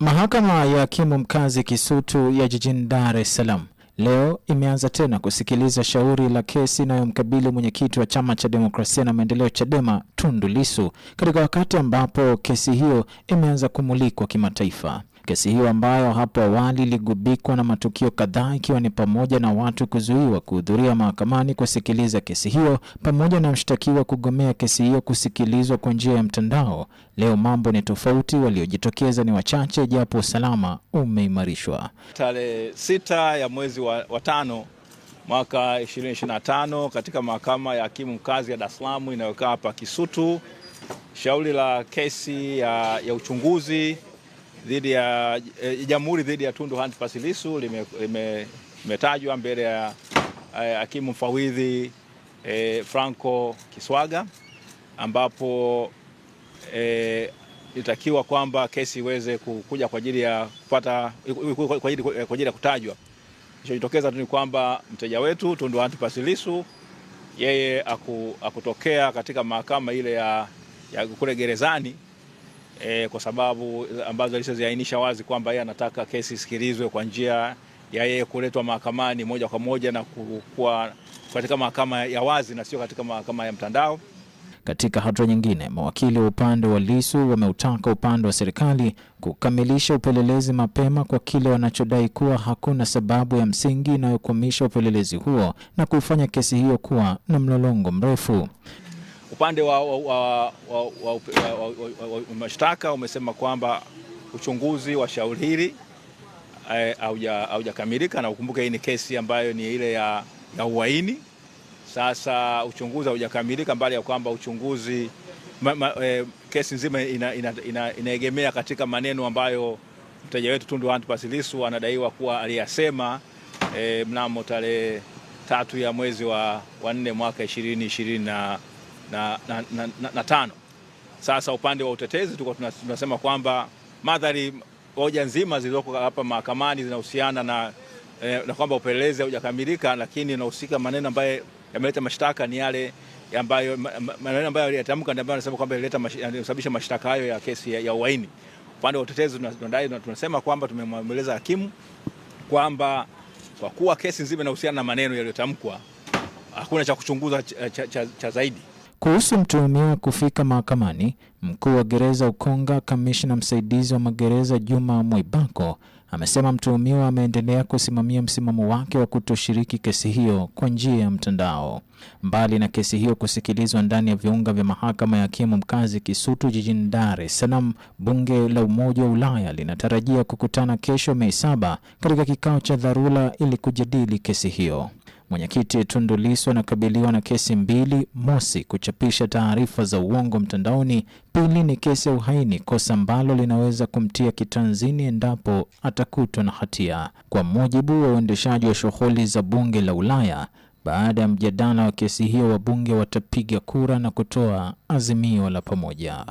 Mahakama ya hakimu mkazi Kisutu ya jijini Dar es Salaam leo imeanza tena kusikiliza shauri la kesi inayomkabili mwenyekiti wa chama cha demokrasia na maendeleo Chadema Tundu Lissu katika wakati ambapo kesi hiyo imeanza kumulikwa kimataifa. Kesi hiyo ambayo hapo awali iligubikwa na matukio kadhaa ikiwa ni pamoja na watu kuzuiwa kuhudhuria mahakamani kusikiliza kesi hiyo pamoja na mshtakiwa kugomea kesi hiyo kusikilizwa kwa njia ya mtandao. Leo mambo ni tofauti, waliojitokeza ni wachache japo usalama umeimarishwa. Tarehe sita ya mwezi wa, wa tano mwaka 2025 katika mahakama ya hakimu mkazi ya Dar es Salaam inayokaa hapa Kisutu, shauri la kesi ya, ya uchunguzi dhidi ya eh, jamhuri dhidi ya Tundu Antipas Lissu limetajwa lime, mbele ya eh, hakimu mfawidhi e, Franco Kiswaga ambapo e, itakiwa kwamba kesi iweze kuja kwa ajili ya kupata kwa ajili ya kutajwa. Kilichojitokeza tu ni kwamba mteja wetu Tundu Antipas Lissu yeye akutokea katika mahakama ile ya, ya kule gerezani e, kwa sababu ambazo alizoziainisha wazi kwamba yeye anataka kesi isikilizwe kwa njia ya yeye kuletwa mahakamani moja kwa moja na kuwa katika mahakama ya wazi na sio katika mahakama ya mtandao. Katika hatua nyingine, mawakili wa upande wa Lisu wameutaka upande wa serikali kukamilisha upelelezi mapema kwa kile wanachodai kuwa hakuna sababu ya msingi inayokwamisha upelelezi huo na kuifanya kesi hiyo kuwa na mlolongo mrefu. Upande wa, wa, wa, wa, wa, wa, wa mashtaka umesema kwamba uchunguzi wa shauri hili haujakamilika na ukumbuke hii ni kesi ambayo ni ile ya, ya uhaini. Sasa uchunguzi haujakamilika, mbali ya kwamba uchunguzi ma, ma, e, kesi nzima inaegemea ina, ina, ina katika maneno ambayo mteja wetu Tundu Antipas Lissu anadaiwa kuwa aliyasema e, mnamo tarehe tatu ya mwezi wa nne mwaka ishirini ishirini na na, na, na, na, na tano. Sasa upande wa utetezi tuko tunasema kwamba madhari hoja nzima zilizoko hapa mahakamani zinahusiana na, eh, na kwamba upelelezi haujakamilika, lakini inahusika maneno ambayo yameleta mashtaka ni yale ambayo maneno ambayo aliyatamka ndio ambayo anasema kwamba ileta kusababisha mashtaka hayo ya kesi ya, ya uhaini. Upande wa utetezi tunadai tunasema kwamba tumemweleza hakimu kwamba kwa kuwa kesi nzima inahusiana na maneno yaliyotamkwa hakuna cha kuchunguza cha, cha, cha, cha zaidi. Kuhusu mtuhumiwa kufika mahakamani, mkuu wa gereza Ukonga, kamishna msaidizi wa magereza Juma Mwibako amesema mtuhumiwa ameendelea kusimamia msimamo wake wa kutoshiriki kesi hiyo kwa njia ya mtandao. Mbali na kesi hiyo kusikilizwa ndani ya viunga vya mahakama ya hakimu mkazi Kisutu jijini Dar es Salaam, bunge la Umoja wa Ulaya linatarajia kukutana kesho Mei saba katika kikao cha dharura ili kujadili kesi hiyo. Mwenyekiti Tundu Lissu anakabiliwa na kesi mbili: mosi, kuchapisha taarifa za uongo mtandaoni; pili ni kesi ya uhaini, kosa ambalo linaweza kumtia kitanzini endapo atakutwa na hatia. Kwa mujibu wa uendeshaji wa shughuli za bunge la Ulaya, baada ya mjadala wa kesi hiyo, wabunge watapiga kura na kutoa azimio la pamoja.